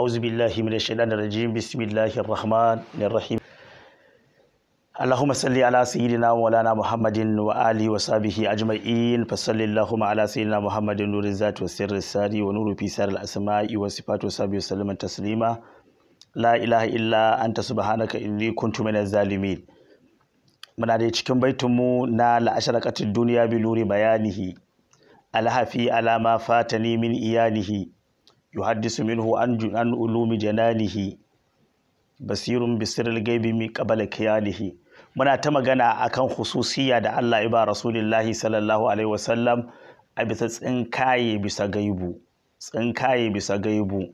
أعوذ بالله من الشيطان الرجيم بسم الله الرحمن الرحيم اللهم صل على سيدنا مولانا محمد وآله وصحبه أجمعين فصل اللهم على سيدنا محمد نور الذات والسر الساري ونور في سر الأسماء والصفات وصحبه وسلم تسليما لا إله إلا أنت سبحانك إني كنت من الظالمين muna da cikin baitinmu na la'asharakatin duniya bi nuri bayanihi alhafi alama fatani min iyalihi yuhaddisu minhu an an ulumi jananihi basirun bisiril gaibi mi qabala kiyalihi muna ta magana akan hususiya da Allah iba rasulillahi sallallahu alaihi wasallam a bisa tsinkaye bisa gaibu tsinkaye bisa gaibu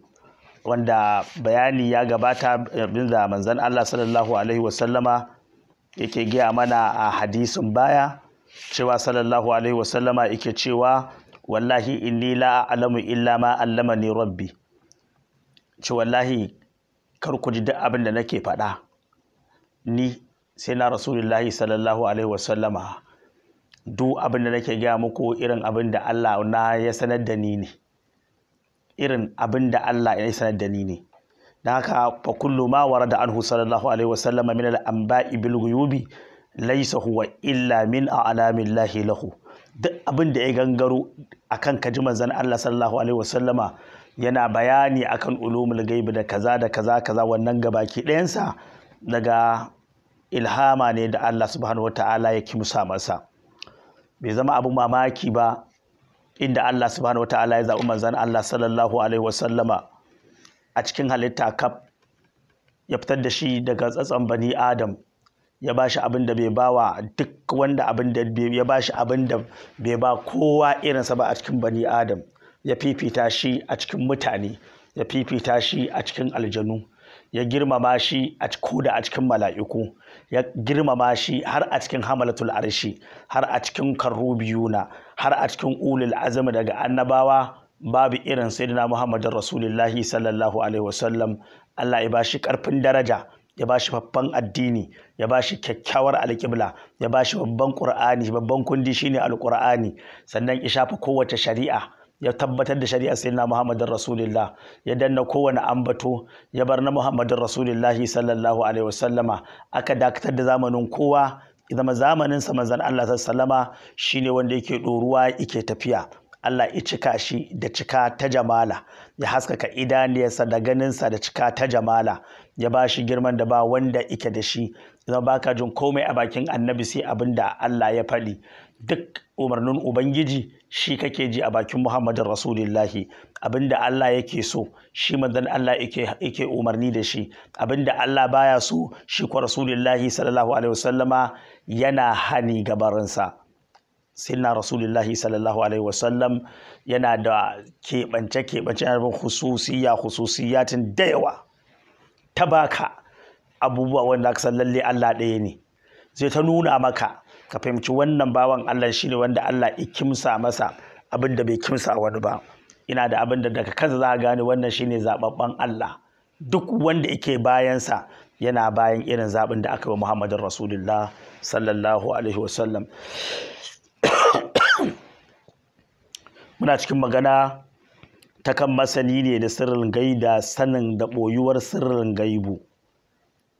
wanda bayani ya gabata da manzan Allah sallallahu alaihi wasallama yake gaya mana a hadisin baya cewa sallallahu alaihi wasallama yake cewa wallahi inni la a'lamu illa ma allamani rabbi ci wallahi kar ku ji duk abin da nake faɗa ni sai na rasulullahi sallallahu alaihi wasallama duk abin da nake gaya muku irin abin da Allah na ya sanar da ni ne irin abin da Allah ya sanar da ni ne dan haka fa kullu ma warada anhu sallallahu alaihi wasallama min al-anba'i bil ghuyubi laysa huwa illa min a'lamillahi lahu duk abin da ya gangaro akan kaji manzon Allah sallallahu alaihi wasallama yana bayani akan ulumul gaibi da kaza da kaza kaza wannan gabaki ɗayansa daga ilhama ne da Allah subhanahu wataala ya kimsa masa bai zama abu mamaki ba inda Allah subhanahu wataala ya zaɓi manzon Allah sallallahu alaihi wasallama a cikin halitta kaf ya fitar da shi daga tsatsen bani Adam ya ba shi abin da bai ba wa duk wanda abin da ya ba shi abin da bai ba kowa irinsa ba a cikin bani adam ya fifita shi a cikin mutane ya fifita shi a cikin aljanu ya girmama shi a ko da a cikin mala'iku ya girmama shi har a cikin hamalatul arshi har a cikin karrubiyuna har a cikin ulul azumi daga annabawa babu irin sayyidina muhammadin rasulullahi sallallahu alaihi wasallam Allah ya bashi karfin daraja ya ba shi babban addini ya ba shi kyakkyawar alƙibla ya ba shi babban ƙur'ani babban kundi shine alƙur'ani sannan ya shafa kowace shari'a ya tabbatar da shari'a sayyidina Muhammadin Rasulullah ya danna kowane ambato ya bar na Muhammadin rasulullah sallallahu alaihi wasallama aka dakatar da zamanin kowa zama zamanin sa manzon Allah wasallama shine wanda yake doruwa yake tafiya Allah ya cika shi da cika ta jamala ya haskaka idaniyarsa da ganinsa da cika ta jamala ya ba shi girman da ba wanda ike da shi zama ba ka jin komai a bakin annabi sai abin da Allah ya faɗi duk umarnin ubangiji shi kake ji a bakin muhammadin rasulullahi abin da Allah yake so shi manzon Allah yake umarni da shi abin da Allah baya so shi ko rasulullahi sallallahu alaihi wasallama yana hani gabarinsa sinna rasulullahi sallallahu alaihi wasallam yana da keɓance keɓance na hususiya hususiyatin da yawa ta baka abubuwa wanda aka san lalle Allah ɗaya ne zai ta nuna maka ka fahimci wannan bawan Allah shine wanda Allah ya kimsa masa abin da bai kimsa wani ba ina da abin da daga kansa za a gane wannan shine zababban Allah duk wanda yake bayansa yana bayan irin zaɓin da aka yi Muhammadu Rasulullah sallallahu alaihi wasallam muna cikin magana takan masani ne da sirrin gaida sanin da ɓoyuwar sirrin gaibu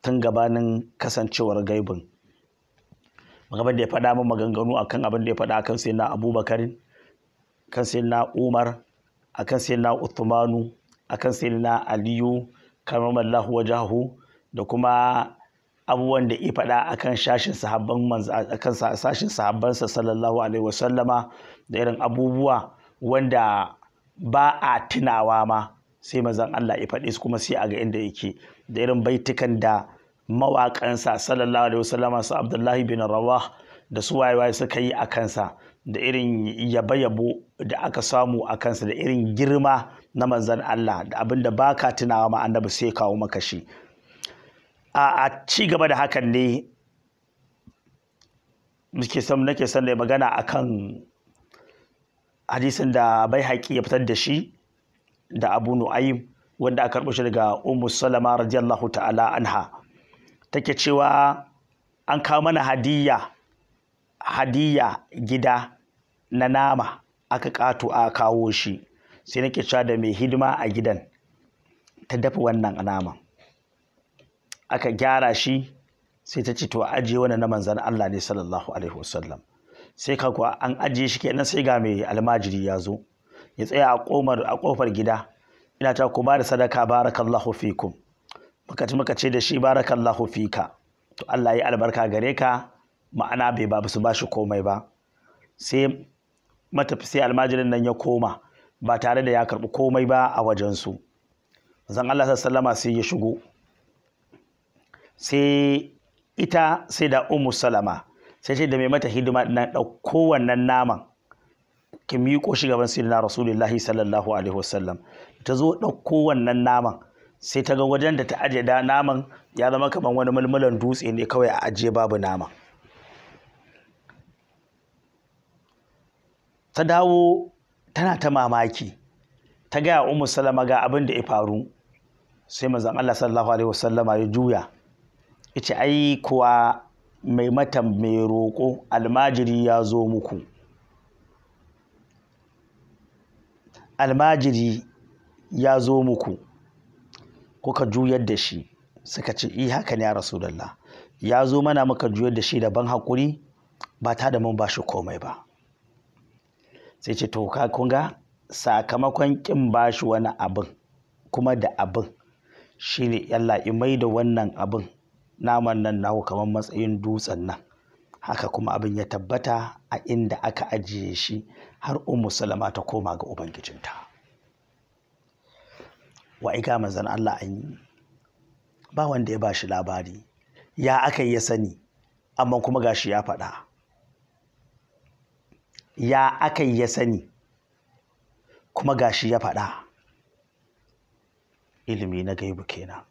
tun gabanin kasancewar gaibin magaban da ya faɗa min maganganu kan abin da ya faɗa kan sai na abubakarin kan sai na umar a kan sai na uthmanu kan sai na aliyu karmamallahu wajahu da kuma abubuwan da ya faɗa akan kan sahabban sashin sahabbansa sallallahu alaihi wasallama da irin abubuwa wanda ba a tunawa ma sai mazan Allah ya faɗi kuma sai a ga inda yake da irin baitukan da mawaƙansa sallallahu alaihi wasallam su Abdullahi bin Rawah da su wayewaye suka yi a kansa da irin yabo-yabo da aka samu a kansa da irin girma na manzan Allah da abin da baka tunawa ma annabi sai kawo maka shi a ci gaba da hakan ne muke son nake son magana akan hadisin da bai haƙi ya fitar da shi da abu nu'ayim wanda aka karɓo shi daga ummu salama radiyallahu ta'ala anha take cewa an kawo mana hadiyya hadiyya gida na nama aka ƙato a kawo shi sai nake cewa da mai hidima a gidan ta dafa wannan nama aka gyara shi sai ta ce to aje wani na manzan Allah ne sallallahu alaihi wasallam sai ka kuwa an ajiye shi kenan sai ga mai almajiri ya zo ya tsaya a komar a kofar gida ina ta ku bada sadaka barakallahu fikum muka ci muka ce da shi barakallahu fika to Allah ya albarka gare ka ma'ana bai ba su ba shi komai ba sai matafi sai almajirin nan ya koma ba tare da ya karɓi komai ba a wajensu zan Allah sallama sai ya shigo sai ita sai da umu salama sai ce da mai mata hidima na ɗauko wannan naman ki miƙo shi gaban na rasulullahi sallallahu alaihi wasallam ta zo ɗauko wannan naman sai ta ga wajen da ta ajiye da naman ya zama kamar wani mulmulan dutse ne kawai a ajiye babu nama ta dawo tana ta mamaki ta gaya umu salama ga abin da ya faru sai mazan Allah sallallahu alaihi wasallama ya juya ita ai kuwa mai mata mai roƙo almajiri ya zo muku almajiri ya zo muku kuka juyar da shi suka ce i eh, haka ne ya rasulullah ya zo mana muka juyar da shi da ban haƙuri ba ta da mun ba shi komai ba sai ce to ka kunga sakamakon kin ba shi wani abin kuma da abin shine ne, ya mai da wannan abin naman nan nahu kamar matsayin dutsen nan haka kuma abin ya tabbata a inda aka ajiye shi har ummu salama ta koma ga ubangijinta wa iga manzan Allah an yi ba wanda ya ba shi labari ya aka ya sani amma kuma gashi ya faɗa ya aka ya sani kuma gashi ya faɗa ilimi na gaibu kenan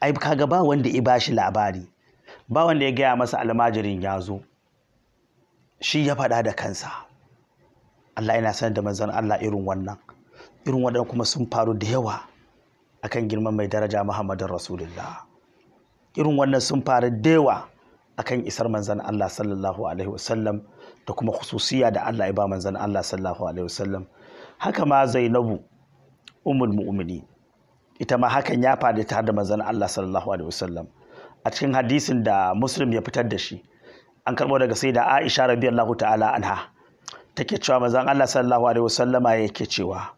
ai ga ba wanda ya bashi labari ba wanda ya gaya masa almajirin ya zo shi ya faɗa da kansa Allah yana sanar da manzon Allah irin wannan irin wannan kuma sun faru da yawa akan girman mai daraja Muhammadin Rasulullah irin wannan sun faru da yawa akan isar manzon Allah sallallahu alaihi wasallam da kuma khususiya da Allah ya ba manzon Allah sallallahu alaihi wasallam haka ma Zainabu ummul mu'minin ita ma hakan ya faɗi ta da manzon Allah sallallahu alaihi wasallam a cikin hadisin da Muslim ya fitar da shi an karbo daga sayyida Aisha radiyallahu ta'ala anha take cewa mazan Allah sallallahu alaihi wasallama yake cewa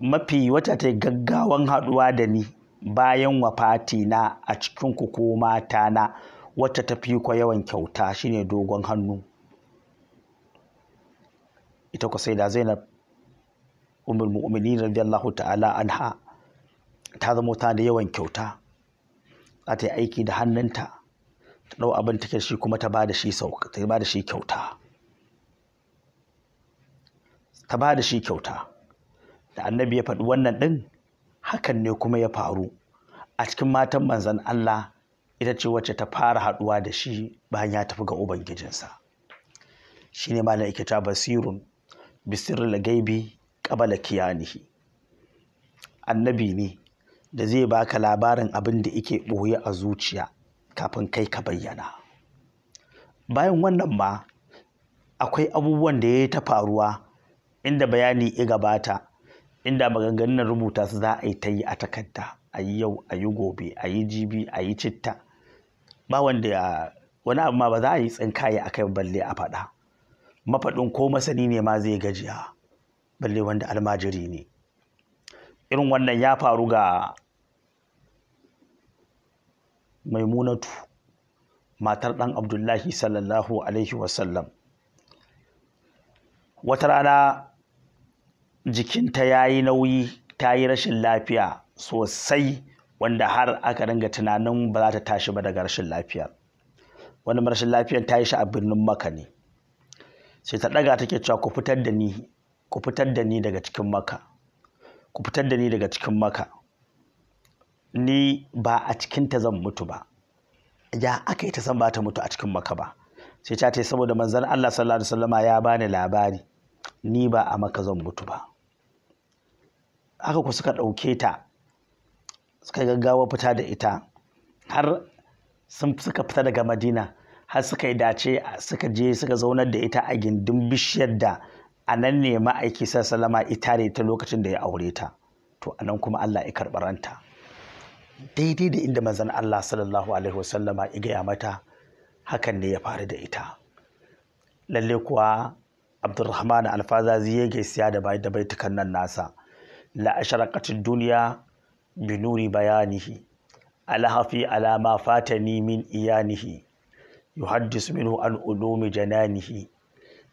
mafi wata ta gaggawan haduwa da ni bayan wafati na a cikin ku ko mata na wata ta fi ko yawan kyauta shine dogon hannu ita ku sai da Zainab ummul mu'minin radiyallahu ta'ala anha ta zama ta da yawan kyauta za ta yi aiki da hannunta ta ɗau abin take shi kuma ta ba da shi kyauta ta ba da shi kyauta da annabi ya faɗi wannan ɗin hakan ne kuma ya faru a cikin matan manzan Allah ita ce wacce ta fara haɗuwa da shi bayan ya tafi ga ubangijinsa shi ne malam ikita basirun bisirin lagaibi ƙabala kiyanihi annabi ne da zai baka labarin abin da yake ɓoye a zuciya kafin kai ka bayyana bayan wannan ma akwai abubuwan da ya yi ta faruwa inda bayani ya gabata inda maganganun rubuta su za a yi ta yi a takarda a yi yau a yi gobe a yi jibi a yi citta ba wanda wani abu ma ba za a yi tsinkaye a kai balle a faɗa mafaɗin ko masani ne ma zai gajiya balle wanda almajiri ne irin wannan ya faru ga maimunatu matar ɗan abdullahi sallallahu alaihi wasallam wata rana jikinta ya yi nauyi ta yi rashin lafiya sosai wanda har aka ringa tunanin ba za ta tashi ba daga rashin lafiya wani rashin lafiyar ta yi shi a birnin maka ne sai ta ɗaga take cewa ku fitar da ni ku fitar da ni daga cikin maka ku fitar da ni daga cikin maka ni ba a cikin zan mutu ba ya aka yi ta san ba ta mutu a cikin maka ba sai ta ce saboda manzan Allah sallallahu alaihi wasallama ya bani labari ni ba a maka zan mutu ba aka ku suka ɗauke ta suka gaggawa fita da ita har sun suka fita daga madina har suka yi dace suka je suka zaunar da ita a gindin bishiyar da a nan ne ma'aiki Salama ita ne ta lokacin da ya aure ta to a nan kuma Allah ya karɓaranta daidai da inda manzon Allah sallallahu alaihi wasallama ya gaya mata hakan ne ya faru da ita lalle kuwa Abdulrahman zai ya gaisiya da bai da baitukan nan nasa la asharaqatid duniya bi nuri bayanihi alhafi ala ma fatani min iyanihi yuhaddisu minhu an ulumi jananihi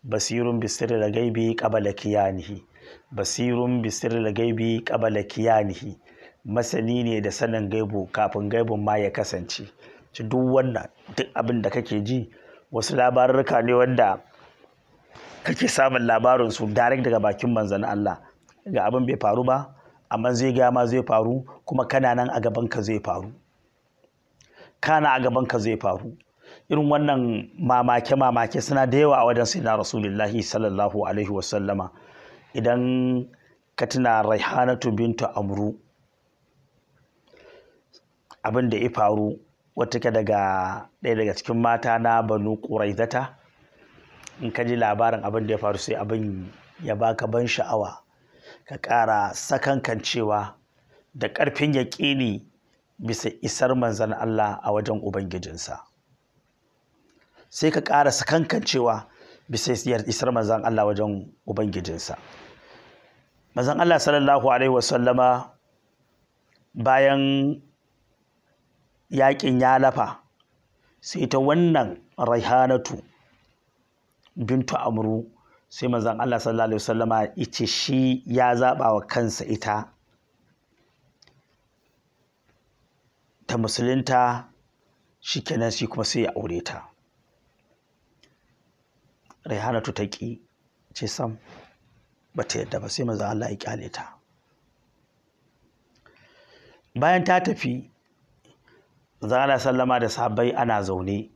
basirun bisir da gaibi qabala kiyanihi basirun bisir da gaibi qabala kiyanihi masani ne da sanin gaibu kafin gaibun ma ya kasance ci duk wannan duk abin da kake ji wasu labarurruka ne wanda kake samun labarin su direct daga bakin manzon Allah ga abin bai faru ba amma zai ga ma zai faru kuma kana nan a gaban ka zai faru kana a gaban ka zai faru irin wannan mamake-mamake suna da yawa a wajen sai na rasulullahi sallallahu alaihi wasallama idan ka tuna raihanatu bintu amru abin da ya faru wata ka daga ɗaya daga cikin mata na banu ƙuraizata in ka ji labarin abin da ya faru sai abin ya baka ban sha'awa ka ƙara sakankan cewa da ƙarfin yaƙini bisa isar manzan Allah a wajen Ubangijinsa. sai ka ƙara sakankancewa bisa isar manzan Allah wajen ubangijinsa manzan Allah sallallahu alaihi wasallama bayan yaƙin ya lafa sai ta wannan raihanatu bintu amru sai manzan Allah sallallahu alaihi wasallama ita shi ya zaɓa wa kansa ita ta musulunta shi kenan shi kuma sai ya aure ta raihanatu ta ƙi ce sam ba ta yadda ba sai maza Allah ya kyale ta bayan ta tafi za Allah sallama da sabai ana zaune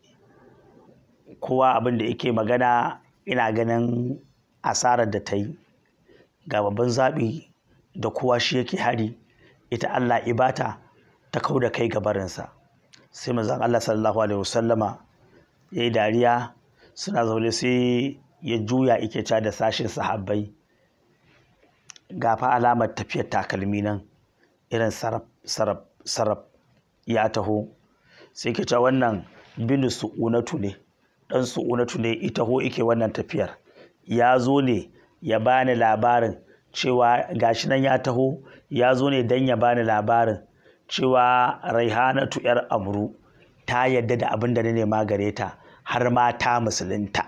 kowa abin da yake magana ina ganin asarar da ta yi ga babban zaɓi da kowa shi yake hari ita Allah ibata ta kau da kai gabarinsa sai maza Allah sallallahu alaihi wasallama ya yi dariya suna zaune sai ya juya ike ca da sashen sahabbai gafa alamar tafiyar takalmi nan irin sarab sarab sarab ya taho sai ke ca wannan bin su'unatu ne dan su'unatu ne ita ho ike wannan tafiyar ya zo ne ya bani labarin cewa gashi nan ya taho ya zo ne dan ya bani labarin cewa raihanatu yar amru ta yadda da abin da ne nema gare ta har mata musulunta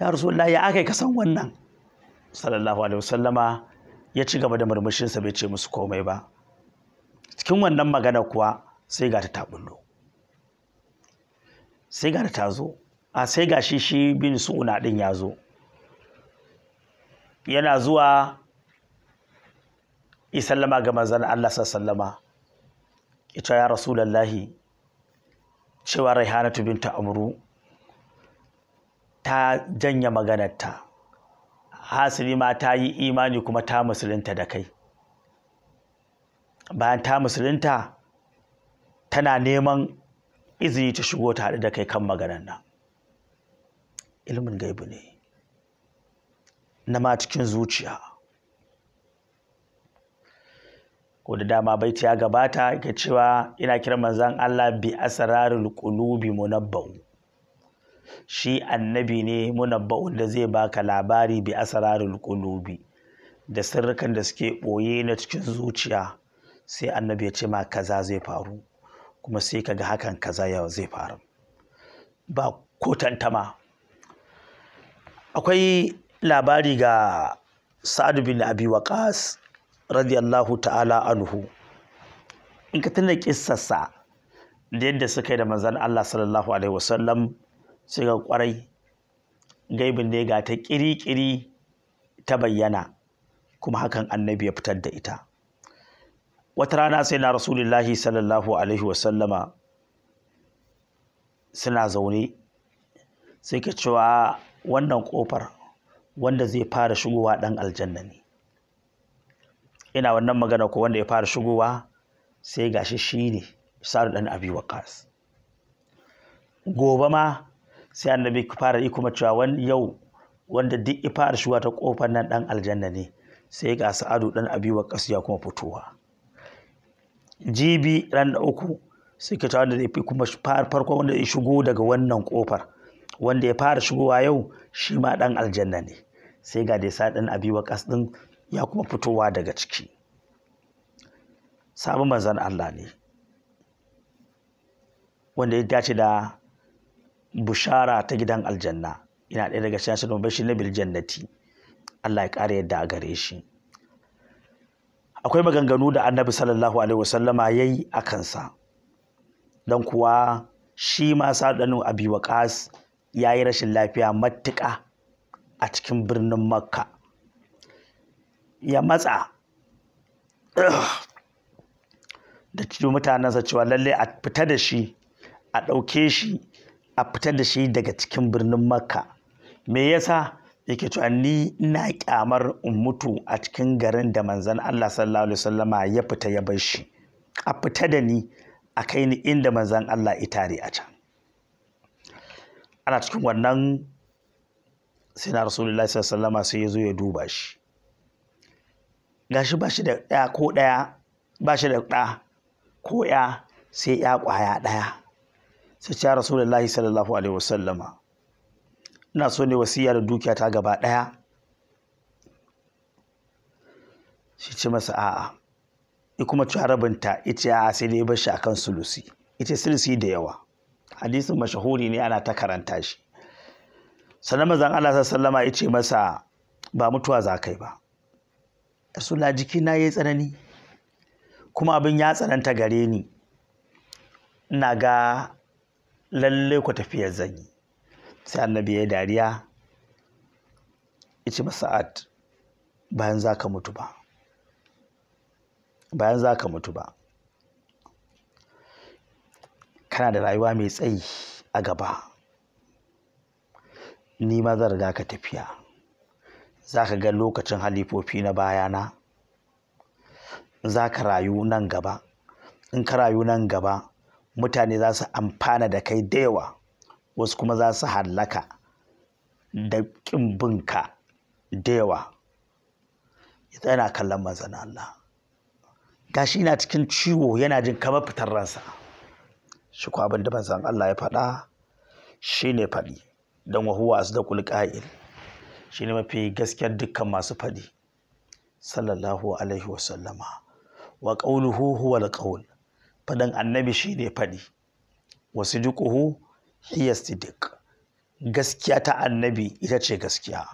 ya rasulullah ya aka yi kasan wannan sallallahu alaihi wasallama ya ci gaba da murmushinsa bai ce musu komai ba cikin wannan magana kuwa sai ga ta taɓullo sai ga ta zo a sai ga shi shi bin su'una ɗin ya zo yana zuwa isallama ga mazan Allah sallama ita ya rasulullahi cewa Raihanatu binta Amru ta janye maganarta hasili ma ta yi imani kuma ta musulunta da kai bayan ta musulunta tana neman izini ta shigo ta haɗu da kai kan maganar na. ilimin gaibu ne na ma cikin zuciya ko da dama baiti ya gabata ga cewa ina kiran manzan Allah bi asrarul qulubi munabbau shi annabi ne munabbu da zai baka labari bi asrarul qulubi da sirrikan da suke boye na cikin zuciya sai annabi ya ce ma kaza zai faru kuma sai kaga hakan kaza yau zai faru ba ko tantama akwai labari ga Sa'ad bin Abi Waqas radiyallahu ta'ala anhu in ka tuna kissarsa da yadda suka yi da manzan Allah sallallahu alaihi wasallam sai ga kwarai gaibin ne ga ta kirikiri ta bayyana kuma hakan annabi ya fitar da ita wata rana sai na rasulullahi sallallahu alaihi wasallama suna zaune sai ka cewa wannan kofar wanda zai fara shigowa dan aljanna ne ina wannan magana ko wanda ya fara shigowa sai gashi shi ne sa'ad dan abi waqas gobe ma sai annabi fara yi kuma cewa wani yau wanda duk ya fara shigowa ta kofar nan dan aljanna ne sai ga sa'adu dan abi waqas ya kuma fitowa jibi ran da uku sai ka wanda zai fi kuma farko wanda ya shigo daga wannan kofar wanda ya fara shigowa yau shi ma dan aljanna ne sai ga dai sa dan abi waqas din ya kuma fitowa daga ciki sabon manzan Allah ne wanda ya dace da bushara ta gidan aljanna ina ɗaya daga cikin sunan bashi na biljannati Allah ya ƙara yadda a gare shi akwai maganganu da annabi sallallahu alaihi wasallama ya yi a kansa don kuwa shi ma saɗanin abi waƙas ya yi rashin lafiya matuƙa a cikin birnin makka ya matsa da cikin mutanensa cewa lallai a fita da shi a ɗauke shi a fita da shi daga cikin birnin makka me yasa yake cewa ni ina kyamar in mutu a cikin garin da manzan Allah sallallahu alaihi wasallama ya fita ya bar shi a fita da ni a kai ni inda manzan Allah itare a can ana cikin wannan sai na rasulullahi sallallahu sai ya zo ya duba shi gashi ba shi da ɗaya ko ɗaya ba shi da ɗa ko ya sai ya ƙwaya ɗaya sai rasu da rasulullahi sallallahu alaihi wasallama ina so ne wasiya da dukiya ta gaba ɗaya shi ci masa a'a ya kuma ci rabinta ita ya sai dai bashi akan sulusi ita sulusi da yawa hadisin mashahuri ne ana ta karanta shi sannan mazan Allah sallama ya ce masa ba mutuwa za kai ba sula jikina ya yi tsanani kuma abin ya tsananta gare ni ina ga lalle ku tafiyar zan yi sai annabi ya dariya ice ce bayan za ka mutu ba bayan za ka mutu ba kana da rayuwa mai tsayi a gaba ni ma zan riga ka tafiya za ka ga lokacin halifofi na bayana za ka rayu nan gaba in ka rayu nan gaba mutane za su amfana da kai da wasu kuma za su hallaka da ƙin binka da yawa yana kallon manzan Allah gashi yana cikin ciwo yana jin kamar fitar ransa shi ko abin da manzan Allah ya faɗa shine faɗi don wahuwa su da kulƙa'il shi ne mafi gaskiyar dukkan masu faɗi sallallahu alaihi wasallama wa ƙauluhu huwa alƙaul faɗin annabi shi ne faɗi wasu juƙuhu hiya sidiq gaskiya ta annabi ita ce gaskiya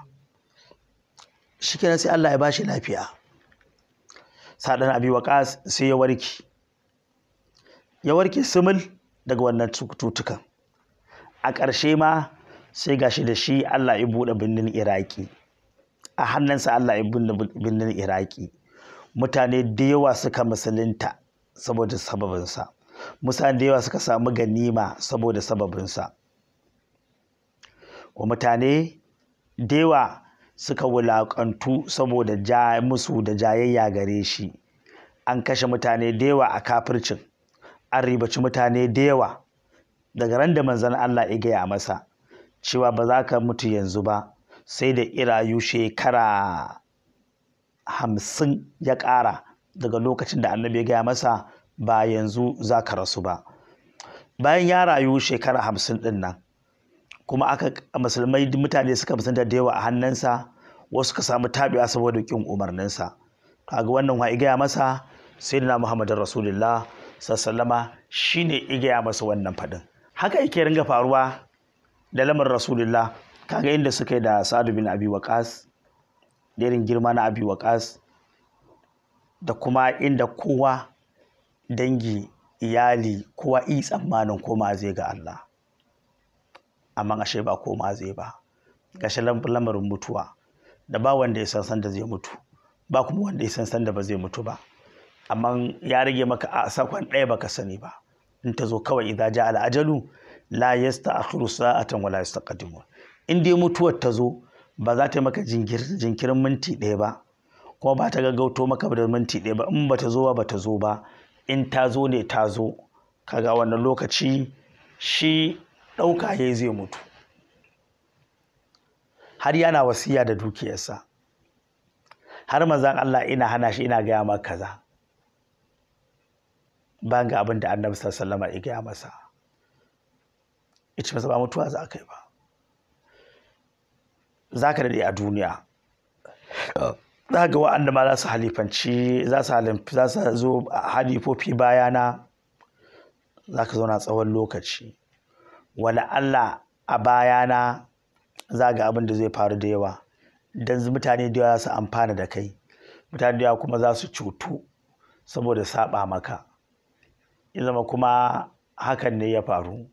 shi kenan sai Allah ya bashi lafiya sadan abi waqas sai ya warki ya warke sumul daga wannan cututtukan a ƙarshe ma sai ga shi da shi Allah ya buɗe birnin Iraki a hannunsa Allah ya buɗe birnin Iraki mutane da yawa suka musulunta saboda sababinsa mutane da yawa suka samu ganima saboda sababinsa wa mutane da yawa suka wulaƙantu saboda ja musu da jayayya gare shi an kashe mutane da yawa a kafircin an ribaci mutane da yawa daga ran da manzon Allah ya gaya masa cewa ba za ka mutu yanzu ba sai da irayu shekara hamsin ya ƙara daga lokacin da annabi ya gaya masa ba yanzu za ka rasu ba bayan ya rayu shekara hamsin ɗin nan kuma aka musulmai mutane suka musanta da yawa a hannunsa wasu ka samu tabiwa saboda ƙin umarninsa kaga wannan wa igaya masa sai na muhammadu rasulullah sallama shine igaya masa wannan faɗin haka yake ringa faruwa da lamar rasulullah kaga inda suka yi da sa'adu bin abi waqas da irin girma na abi waqas da kuma inda kowa dangi iyali kowa i tsammanin koma zai ga Allah amma ashe ba koma zai ba gashi lamarin mutuwa da ba wanda ya san san da zai mutu ba kuma wanda ya san san da ba zai mutu ba amma ya rage maka a sakon ɗaya baka sani ba in ta zo kawai idza ja al ajalu la yasta'khiru sa'atan wa yastaqdimu in dai mutuwar ta zo ba za ta maka jinkirin minti ɗaya ba kuma ba ta gaggauto maka da minti ɗaya ba in ba ta zo ba ba ta zo ba in ta zo ne ta zo kaga wannan lokaci shi ɗauka ya zai mutu har yana wasiya da dukiyarsa har manzan Allah ina hana shi ina gaya maka kaza ban ga abin da annabi sallallahu alaihi ya gaya masa ya ce ba mutuwa za ka yi ba za ka daɗe a duniya za ga wa'anda ma za su halifanci za su zo halifofi bayana za ka zauna tsawon lokaci wani Allah a bayana za ga abin da zai faru da yawa don mutane da yawa su amfana da kai mutane da yawa kuma za su cutu saboda saba maka zama kuma hakan ne ya faru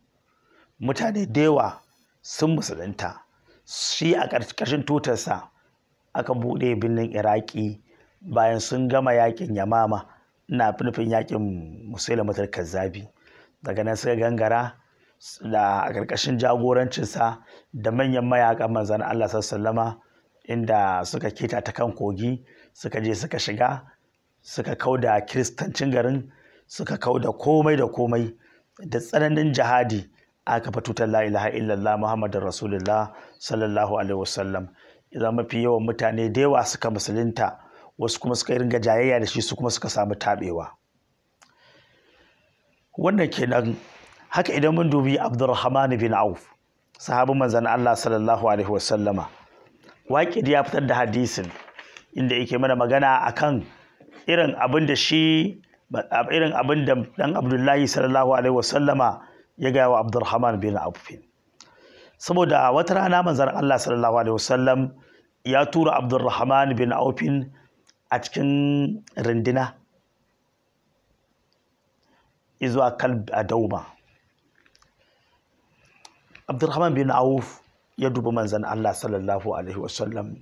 mutane da yawa sun musulunta shi a ƙarƙashin tutarsa aka buɗe birnin iraki bayan sun gama yakin yamama na nufin yakin musulmatar kazzabi daga nan suka gangara da a ƙarƙashin jagorancinsa da manyan mayakan manzan Allah sallama inda suka keta ta kan kogi suka je suka shiga suka kauda kiristancin garin suka kauda komai da komai da tsananin jihadi aka fa tutar la ilaha illallah muhammadin rasulullah sallallahu alaihi wasallam idan mafi yawan mutane da yawa suka musulunta wasu kuma suka ringa jayayya da shi su kuma suka samu tabewa. wannan kenan haka idan mun dubi abdurrahman bin auf sahabin manzan allah sallallahu alaihi wasallama waƙid ya fitar da hadisin inda yake mana magana akan irin abin da shi irin abin da dan abdullahi sallallahu alaihi wasallama ya gaya wa Abdulrahman bin Auf saboda wata rana manzon Allah sallallahu alaihi wasallam ya tura Abdulrahman bin Auf a cikin rindina izuwa kalb a dauma Abdulrahman bin Auf ya duba manzon Allah sallallahu alaihi wasallam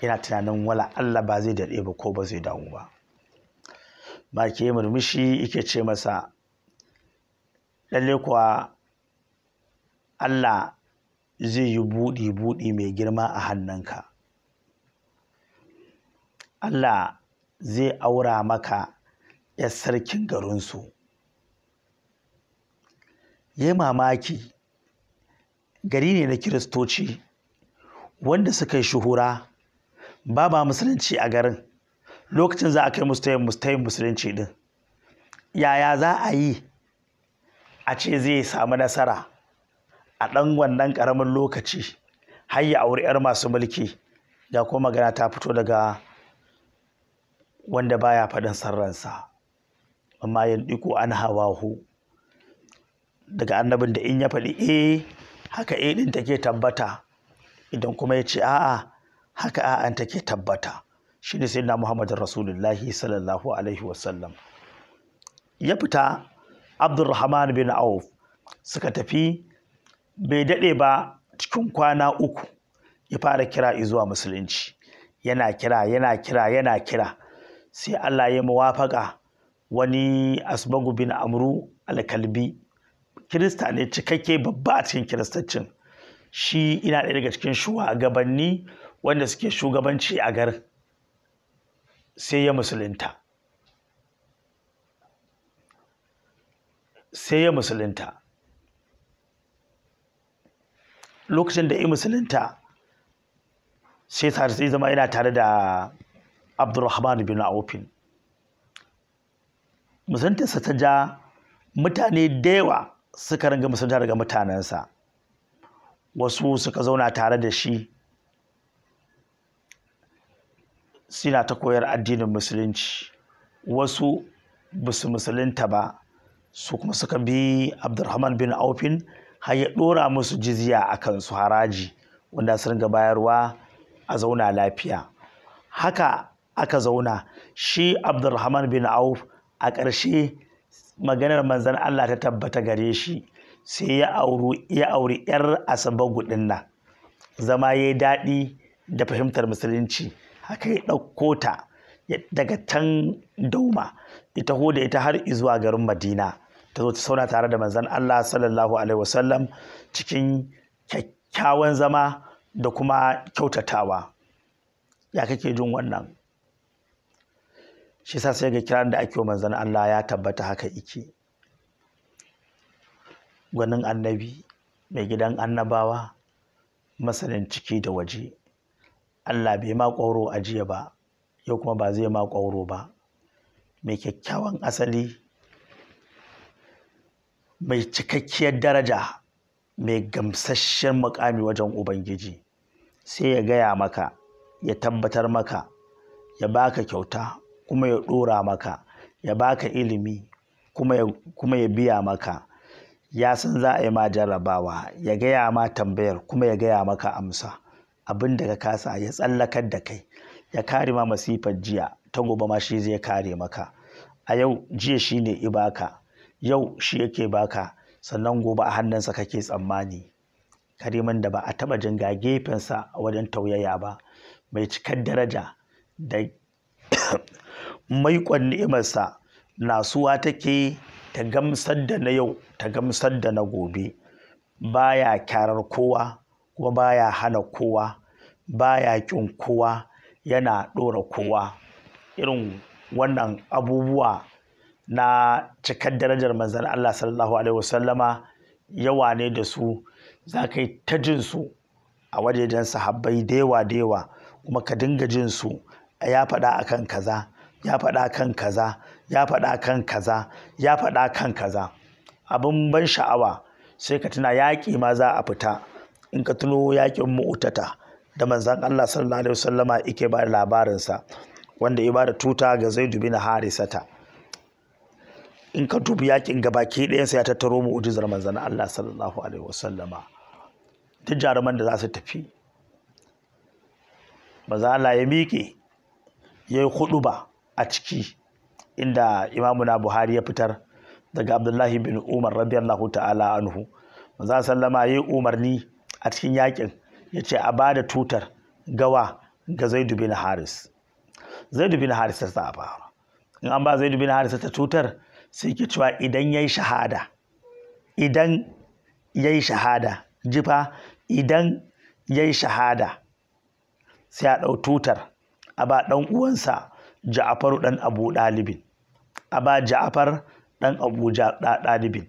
yana tunanin wala Allah ba zai daɗe ba ko ba zai damu ba ba ke murmushi yake ce masa lalle kuwa Allah zai yi buɗi-buɗi mai girma a hannunka Allah zai aura maka ‘yar sarkin garinsu yi mamaki gari ne na kiristoci wanda suka yi shuhura ba ba musulunci a garin lokacin za a kai musulunci din yaya za a yi a ce zai samu nasara a ɗan wannan ƙaramin lokaci har ya auri 'yar masu mulki ya kuma magana ta fito daga wanda baya faɗin sarransa amma yin ɗiko an hawahu daga annabin da in ya faɗi eh haka eh ɗin take tabbata idan kuma ya ce a'a haka a'an take tabbata sai na Muhammadin Rasulullahi sallallahu alaihi wasallam ya fita abdurrahman bin auf suka tafi bai dade ba cikin kwana uku ya fara kira zuwa musulunci yana kira yana kira yana kira sai Allah ya muwafaka wani asbagu bin amru al-kalbi. kirista ne cikakke babba a cikin kiristancin shi ina ɗaya daga cikin shugabanni wanda suke shugabanci a garin sai ya musulunta sai ya musulunta lokacin da ya musulunta sai sai zama yana tare da Abdulrahman bin aufin musuluntarsa ta ja mutane da yawa suka ringa musulunta daga mutanensa wasu suka zauna tare da shi suna ta koyar addinin musulunci wasu ba su musulunta ba su kuma suka bi Abdulrahman bin aufin har ya ɗora musu jizya a kan su haraji wanda su ringa bayarwa a zauna lafiya haka aka zauna shi Abdulrahman bin auf a ƙarshe maganar manzan allah ta tabbata gare shi sai ya auri 'yar asabar gudun nan zama ya yi daɗi da fahimtar musulunci haka ya ɗauko ta daga tan dauma ita da ita har izuwa garin madina ta zo ta sauna tare da manzan Allah sallallahu alaihi wasallam cikin kyakkyawan zama da kuma kyautatawa ya kake jin wannan shi sa sai ga kiran da ake wa manzan Allah ya tabbata haka ike gwanin annabi mai gidan annabawa masanin ciki da waje Allah bai ma ƙwauro a jiya ba yau kuma ba zai ma ƙwauro ba mai kyakkyawan asali mai cikakkiyar daraja mai gamsasshen mukami wajen ubangiji sai ya gaya maka ya tabbatar maka ya baka kyauta kuma ya ɗora maka ya baka ilimi kuma ya biya maka ya san za a yi ma jarrabawa ya gaya ma tambayar kuma ya gaya maka amsa abin da ka kasa ya tsallakar da kai ya kare ma masifar jiya ta gobe ma shi zai kare maka a yau jiya shine ibaka yau shi yake baka sannan gobe a hannunsa kake tsammani kariman da ba a taɓa jin ga gefensa wajen tauyaya ba mai cikar daraja da maikon ni'imarsa nasuwa take ta gamsar da na yau ta gamsar da na gobe baya kyarar kowa kuma baya hana kowa baya kin kowa yana ɗora kowa irin wannan abubuwa na cikar darajar manzan Allah sallallahu alaihi wasallama yawa ne da su za ka yi ta jinsu a wajejen sahabbai dewa dewa kuma ka dinga jinsu a ya faɗa kan kaza ya faɗa kan kaza ya faɗa kan kaza ya faɗa kan kaza abin ban sha'awa sai ka tuna yaƙi ma za a fita in ka tuno yaƙin mu'utata da manzan Allah sallallahu alaihi wasallama ike ba labarinsa wanda ya ba da tuta ga Zaidu bin Harisata in ka dubi yakin ɗayan ɗayansa ya tattaro mu. ujizar manzon Allah sallallahu alaihi wasallama duk jaruman da za su tafi za Allah ya miƙe ya yi ba a ciki inda imamuna Buhari ya fitar daga Abdullahi bin Umar radiyallahu ta'ala anhu manzon sallama ya yi umarni a cikin yakin ya ce a ba da tutar gawa ga Zaidu bin Haris Zaidu bin Haris ta sa in an ba Zaidu bin Haris ta tutar sai ke cewa idan ya yi shahada idan ya yi shahada jifa idan ya yi shahada sai a ɗau tutar a ba ɗan uwansa ja'afaru ɗan abu ɗalibin a ba ja'afar ɗan abu ɗalibin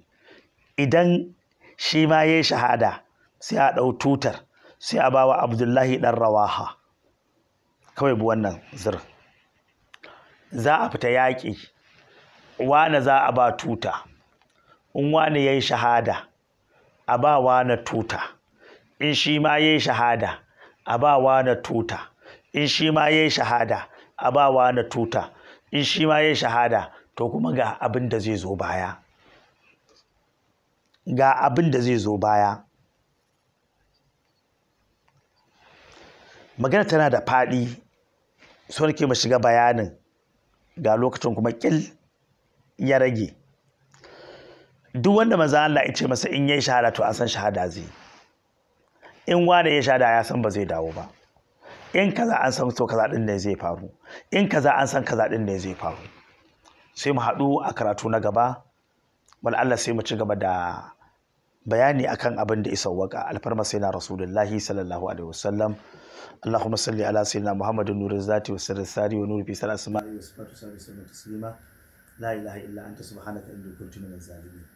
idan shi ma ya yi shahada sai a ɗau tutar sai a ba wa abdullahi ɗan rawaha kawai bu wannan zirin za a fita yaƙi wane za a ba tuta in wane ya yi shahada a ba wane tuta in shi ma ya yi shahada a ba wane tuta in shi ma ya yi shahada a ba wane tuta in shi ma ya yi shahada to kuma ga abin da zai zo baya ga abin da zai zo baya magana tana da faɗi so nake mu shiga bayanin ga lokacin kuma ƙil ya rage duk wanda maza Allah ya ce masa in yi shahada to a san shahada zai in wanda ya shahada ya san ba zai dawo ba in kaza an san to kaza din ne zai faru in kaza an san kaza din ne zai faru sai mu haɗu a karatu na gaba wal Allah sai mu ci gaba da bayani akan abin da isa waka alfarma sai na rasulullahi sallallahu alaihi wasallam اللهم صل على سيدنا محمد نور الذات وسر الساري ونور في سر السماء وصفات ساري سنة تسليما la ilaha illa anta subhanaka inni kuntu minaz zalimin